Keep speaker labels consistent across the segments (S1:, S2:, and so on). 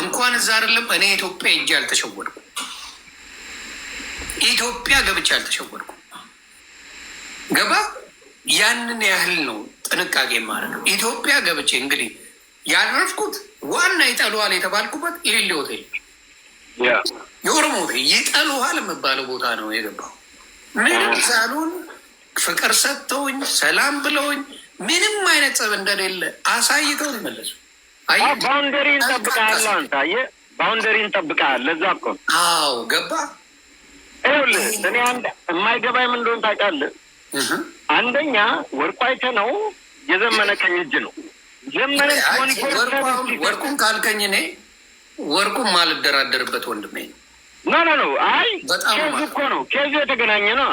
S1: እንኳን እዛ አይደለም እኔ ኢትዮጵያ እጅ አልተሸወድኩ፣ ኢትዮጵያ ገብቼ አልተሸወድኩ። ገባ ያንን ያህል ነው ጥንቃቄ ማለት ነው። ኢትዮጵያ ገብቼ እንግዲህ ያረፍኩት ዋና ይጠሉዋል የተባልኩበት የሌለ ሆቴል የኦሮሞ ሆቴል ይጠሉሃል የምባለው ቦታ ነው የገባው። ምንም ሳሉን ፍቅር ሰጥተውኝ ሰላም ብለውኝ ምንም አይነት ጸብ እንደሌለ አሳይተው መለሱ።
S2: ባውንደሪ እንጠብቃለሁ። አንተ አየህ ባውንደሪ እንጠብቃለሁ። ለዛ እኮ
S1: አዎ፣ ገባ።
S2: ይኸውልህ እኔ አንድ የማይገባኝ ምን እንደሆነ ታውቃለህ? አንደኛ ወርቁ አይተህ ነው የዘመነ ቀኝ እጅ ነው።
S1: ዘመነ ወርቁን ካልከኝ እኔ ወርቁን ማልደራደርበት ወንድሜ ነው።
S2: ኖ ኖ ኖ፣ አይ ኬዙ እኮ ነው ኬዙ የተገናኘ ነው።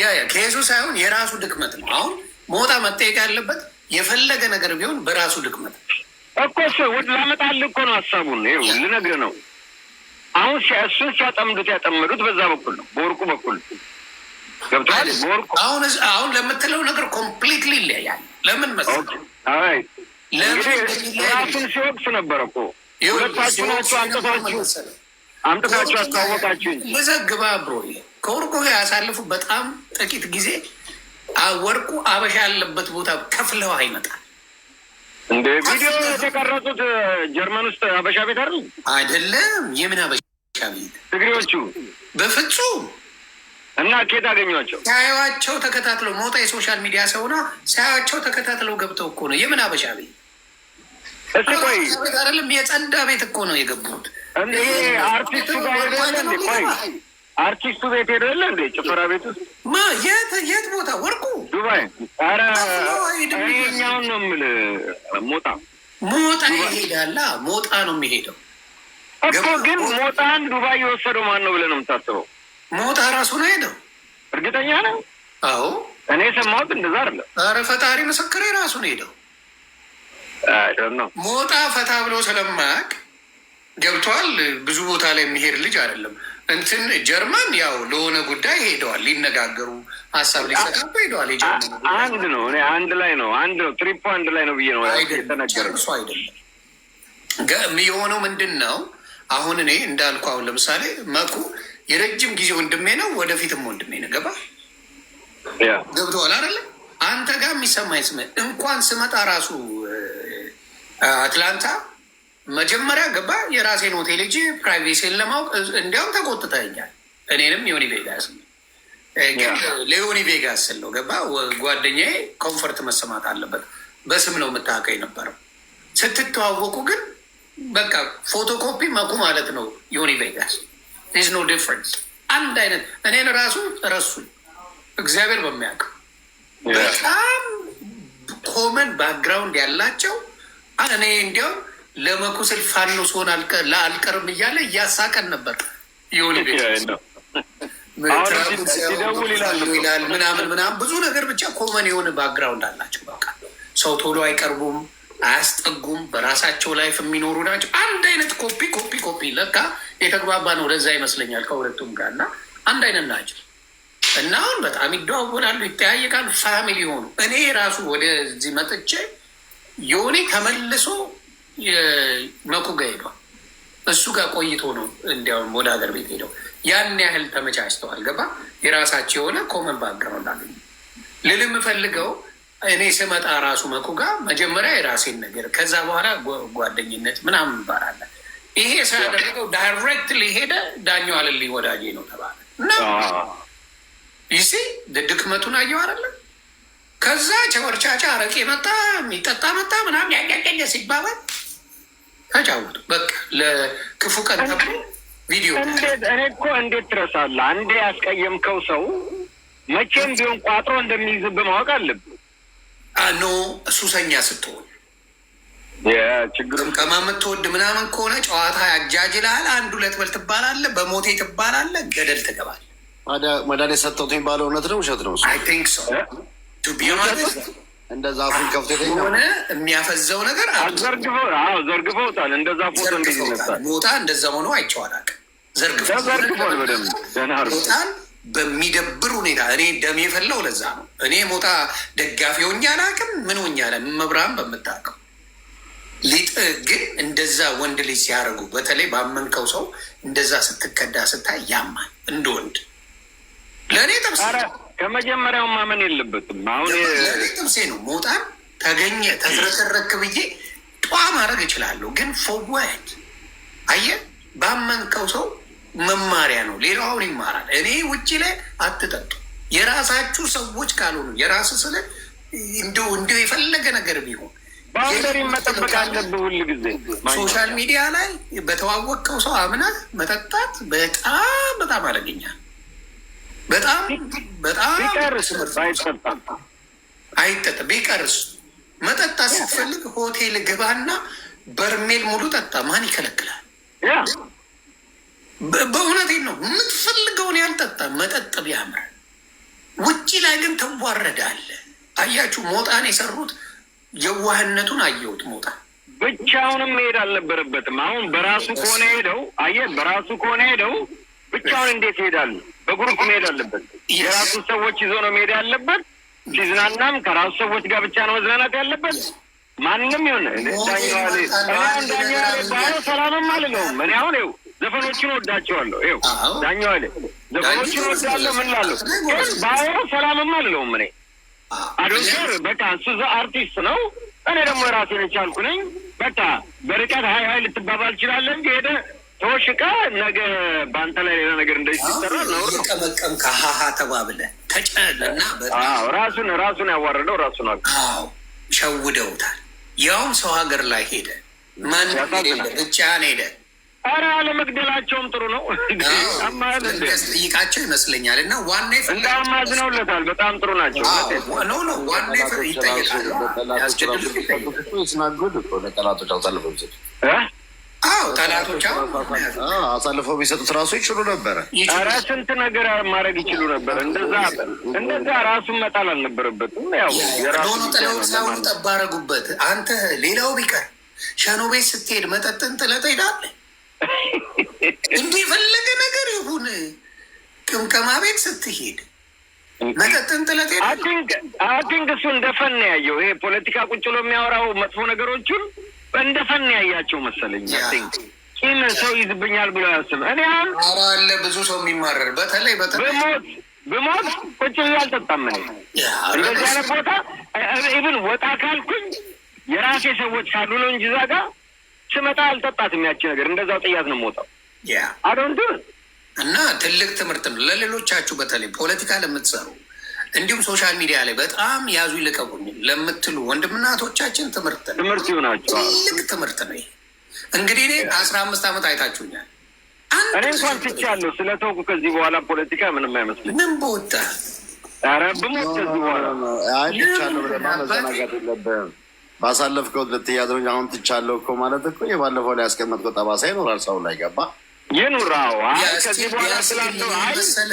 S1: ያ ያ ኬዙ ሳይሆን የራሱ ድክመት ነው። አሁን መውጣ መጠየቅ ያለበት የፈለገ ነገር ቢሆን በራሱ ድክመት ነው።
S2: እኮ እሱ ላመጣልህ እኮ ነው ሀሳቡን ይኸው ልነግርህ ነው። አሁን እሱን ሲያጠምዱት ያጠመዱት በዛ በኩል ነው፣ በወርቁ በኩል ገብቶሃል። በወርቁ
S1: አሁን አሁን ለምትለው ነገር ኮምፕሊትሊ ይለያል። ለምን
S2: መሰለህ ራሱን ሲወቅስ ነበር እኮ ሁለታችሁ ናችሁ አምጥታችሁ አምጥታችሁ አስተዋወቃችሁኝ።
S1: ልዘግባ ብሮ ከወርቁ ጋር ያሳልፉ በጣም ጥቂት ጊዜ ወርቁ አበሻ ያለበት ቦታ ከፍለው አይመጣል
S2: እንደ ቪዲዮ የተቀረጹት ጀርመን ውስጥ አበሻ ቤት አሉ
S1: አይደለም። የምን አበሻ ቤት? ትግሬዎቹ በፍጹም።
S2: እና ኬት አገኟቸው?
S1: ሳያቸው ተከታትለው መውጣ የሶሻል ሚዲያ ሰውና ሳያቸው ተከታትለው ገብተው እኮ ነው። የምን አበሻ ቤት? እስቲ ቆይ አይደለም፣ የጸዳ ቤት እኮ ነው የገቡት።
S2: እንደ አርቲስቱ ጋር ሄደ። ቆይ አርቲስቱ ቤት ሄደ የለ እንዴ? ጭፈራ ቤት ውስጥ
S1: ማ የት የት ቦታ ወርቁ
S2: ዱባይ። ኧረ ነው የምልህ ሞጣ
S1: ሞጣ ይሄዳላ። ሞጣ ነው የሚሄደው
S2: እኮ ግን ሞጣን ዱባይ የወሰደው ማን ነው ብለህ ነው የምታስበው?
S1: ሞጣ ራሱ ነው ሄደው። እርግጠኛ ነው? አዎ
S2: እኔ የሰማሁት እንደዛ አለ።
S1: ኧረ ፈጣሪ ምስክሬ ራሱ ነው ሄደው። ሞጣ ፈታ ብሎ ስለማያውቅ ገብቷል። ብዙ ቦታ ላይ የሚሄድ ልጅ አይደለም። እንትን ጀርመን ያው ለሆነ ጉዳይ ሄደዋል፣ ሊነጋገሩ ሀሳብ ሊሰጣጡ ሄደዋል።
S2: አንድ ነው እኔ አንድ ላይ ነው አንድ ነው ትሪፖ አንድ ላይ ነው ብዬ ነው
S1: ጨርሶ አይደለም የሆነው። ምንድን ነው አሁን እኔ እንዳልኩ አሁን ለምሳሌ መኩ የረጅም ጊዜ ወንድሜ ነው፣ ወደፊትም ወንድሜ ነው። ገባ ገብተዋል አይደለም አንተ ጋር የሚሰማኝ ስመ እንኳን ስመጣ ራሱ አትላንታ መጀመሪያ ገባ የራሴን ሆቴል እጅ ፕራይቬሲን ለማወቅ እንዲያውም ተቆጥተኛል። እኔንም ዮኒ ቬጋስ ግን ለዮኒ ቬጋስ ስለው ገባ ጓደኛዬ ኮንፈርት መሰማት አለበት። በስም ነው የምታውቀኝ ነበረው። ስትተዋወቁ ግን በቃ ፎቶኮፒ መኩ ማለት ነው። ዮኒ ቬጋስ ኢዝ ኖ ዲፍረንስ፣ አንድ አይነት እኔን ራሱ ረሱኝ። እግዚአብሔር በሚያውቅ በጣም ኮመን ባክግራውንድ ያላቸው እኔ እንዲያውም ለመቁሰል ፋኖ ሲሆን አልቀርም እያለ እያሳቀን ነበር። የሆነ ቤት ምናምን ምናምን ብዙ ነገር ብቻ ኮመን የሆነ ባክግራውንድ አላቸው። በቃ ሰው ቶሎ አይቀርቡም፣ አያስጠጉም፣ በራሳቸው ላይፍ የሚኖሩ ናቸው። አንድ አይነት ኮፒ ኮፒ ኮፒ ለካ የተግባባ ነው። ለዛ ይመስለኛል ከሁለቱም ጋር እና አንድ አይነት ናቸው እና አሁን በጣም ይደዋወላሉ፣ ይተያየቃሉ፣ ፋሚሊ ሆኑ። እኔ ራሱ ወደዚህ መጥቼ የሆኔ ተመልሶ መኩ ጋር ሄዷል። እሱ ጋር ቆይቶ ነው እንዲያውም ወደ ሀገር ቤት ሄደው ያን ያህል ተመቻችተዋል። ገባ የራሳቸው የሆነ ኮመን ባክግራውንድ አገኘ ልል የምፈልገው እኔ ስመጣ ራሱ መኩ ጋር መጀመሪያ የራሴን ነገር ከዛ በኋላ ጓደኝነት ምናምን ባላለ ይሄ ሳያደረገው ዳይሬክት ሊሄደ ዳኛው አለልኝ ወዳጄ ነው ተባለ ይሲ ድድክመቱን አየው አለ ከዛ ቸወርቻቻ አረቄ መጣ የሚጠጣ መጣ ምናምን ያቀቀኘ ሲባባል ተጫወቱ። በቃ ለክፉ ቀን ተብሎ ቪዲዮ
S2: እኔ እኮ እንዴት ትረሳለህ? አንዴ ያስቀየምከው ሰው መቼም ቢሆን ቋጥሮ እንደሚይዝብ ማወቅ አለብህ።
S1: አኖ ሱሰኛ ስትሆን ጥምቀማ የምትወድ ምናምን ከሆነ ጨዋታ ያጃጅልሃል። አንድ ሁለት በል ትባላለህ፣ በሞቴ ትባላለህ፣ ገደል ትገባለህ።
S2: መድኃኒት ሰጠሁት የሚባለው እውነት ነው ውሸት ነው? እንደ ዛፉን ከፍቶ
S1: ሆነ የሚያፈዘው ነገር
S2: ዘርግፈው ዘርግፈውታል። እንደዛ ፎቶ
S1: ቦታ እንደዛ ሆኖ አይቼዋለሁ። ዘርግፈው ቦታን በሚደብር ሁኔታ እኔ ደም የፈለው ለዛ ነው። እኔ ሞጣ ደጋፊ ሆኜ አላውቅም። ምን ሆኜ አለ መብራን በምታውቀው ሊጥ ግን እንደዛ ወንድ ልጅ ሲያደርጉ በተለይ ባመንከው ሰው እንደዛ ስትከዳ ስታይ ያማል። እንደ ወንድ ለእኔ ተብስ
S2: ከመጀመሪያው ማመን የለበትም።
S1: አሁን ጥብሴ ነው መውጣም ተገኘ ተዝረከረክ ብዬ ጠዋ ማድረግ እችላለሁ። ግን ፎዋድ አየ ባመንከው ሰው መማሪያ ነው። ሌላው አሁን ይማራል። እኔ ውጭ ላይ አትጠጡ የራሳችሁ ሰዎች ካልሆኑ የራስ ስለ እንደው እንደው የፈለገ ነገር ቢሆን
S2: ባውንደሪ መጠበቅ አለብህ። ሁል ጊዜ
S1: ሶሻል ሚዲያ ላይ በተዋወቅከው ሰው አምነህ መጠጣት በጣም በጣም አደገኛል። አይጠጣም። ቢቀርስ መጠጣ ስትፈልግ ሆቴል ግባና በርሜል ሙሉ ጠጣ። ማን ይከለክላል? በእውነቴ ነው። የምትፈልገውን ያልጠጣ መጠጥ ቢያምር፣ ውጭ ላይ ግን ተዋረዳለህ። አያችሁ ሞጣን የሰሩት የዋህነቱን አየሁት። ሞጣ
S2: ብቻውንም መሄድ አልነበረበትም። አሁን በራሱ ከሆነ ሄደው አየህ፣ በራሱ ከሆነ ሄደው ብቻውን እንዴት ይሄዳል? በግሩፕ መሄድ አለበት። የራሱ ሰዎች ይዞ ነው መሄድ ያለበት። ሲዝናናም ከራሱ ሰዎች ጋር ብቻ ነው መዝናናት ያለበት። ማንም ይሁን ዳኛዋሌ ዳኛዋሌ ባለ ሰላምም አልለውም። እኔ አሁን ው ዘፈኖችን ወዳቸዋለሁ። ው ዳኛዋሌ ዘፈኖችን ወዳለ ምን ላለሁ ግን ባለ ሰላምም አልለውም። እኔ አዶንር በቃ እሱ አርቲስት ነው። እኔ ደግሞ የራሴን የቻልኩ ነኝ። በቃ በርቀት ሀይ ሀይ ልትባባል ይችላለን ሄደ ተወሽቃ ነገ በአንተ ላይ ሌላ ነገር እንደ
S1: ሲሰራ ነው። ቀመቀም ከሀሀ ተባብለ ተጨለና
S2: ራሱን ራሱን ያዋረደው ራሱን አሉ
S1: ሸውደውታል። ያውም ሰው ሀገር ላይ ሄደ ማን ብቻን ሄደ።
S2: አረ አለመግደላቸውም ጥሩ ነው።
S1: ጠይቃቸው ይመስለኛል እና ዋና
S2: እንዳውም አዝነውለታል። በጣም ጥሩ ናቸው። ዋና ይጠይቃል ያስገድሉ ይጠይቃል ጠላቶች አሳልፈው ቢሰጡት ራሱ ይችሉ ነበረ። ኧረ ስንት ነገር ማድረግ ይችሉ ነበረ። እንደዛ እንደዛ ራሱን መጣል አልነበረበትም።
S1: ያው ሆኑ ጥለውት ሳይሆን ጠብ አደረጉበት። አንተ ሌላው ቢቀር ሸኖ ቤት ስትሄድ መጠጥን ጥለህ ትሄዳለህ። እንዲህ የፈለገ ነገር ይሁን ቅምቀማ ቤት ስትሄድ መጠጥን ጥለህ ትሄዳለህ።
S2: አይ ቲንክ እሱ እንደፈን ያየው ይሄ ፖለቲካ ቁጭሎ የሚያወራው መጥፎ ነገሮቹን እንደ ፈን ያያቸው መሰለኝ። ይህን ሰው ይዝብኛል ብሎ ያስብ እኔ አሁን አለ ብዙ ሰው የሚማረር በተለይ በሞት ብሞት ቁጭ ብዬ አልጠጣም። እኔ እንደዚህ አይነት ቦታ ኢብን ወጣ ካልኩኝ የራሴ ሰዎች ካሉ ነው እንጂ እዛ ጋር ስመጣ አልጠጣትም። ያቺ ነገር እንደዛው ጥያት ነው የምወጣው አዶንቱ
S1: እና ትልቅ ትምህርት ነው ለሌሎቻችሁ በተለይ ፖለቲካ ለምትሰሩ እንዲሁም ሶሻል ሚዲያ ላይ በጣም ያዙ ይልቀቁኝ ለምትሉ ወንድምናቶቻችን ትምህርት
S2: ነው፣ ትምህርት ይሆናቸው፣
S1: ትልቅ ትምህርት ነው። እንግዲህ እኔ አስራ አምስት ዓመት አይታችሁኛል።
S2: እኔ እንኳን ትቻለሁ ስለተውኩ ከዚህ በኋላ ፖለቲካ ምንም አይመስለኝም። ምን በወጣ ረብሞት ከዚህ በኋላ ትቻለሁ ብለህ መዘናጋት የለብህም። ባሳለፍከው ልትያዝረኝ አሁን ትቻለሁ እኮ ማለት እኮ የባለፈው ላይ ያስቀመጥከው ጠባሳ ይኖራል ሰው ላይ ገባ ይኑራው ከዚህ በኋላ ስላለ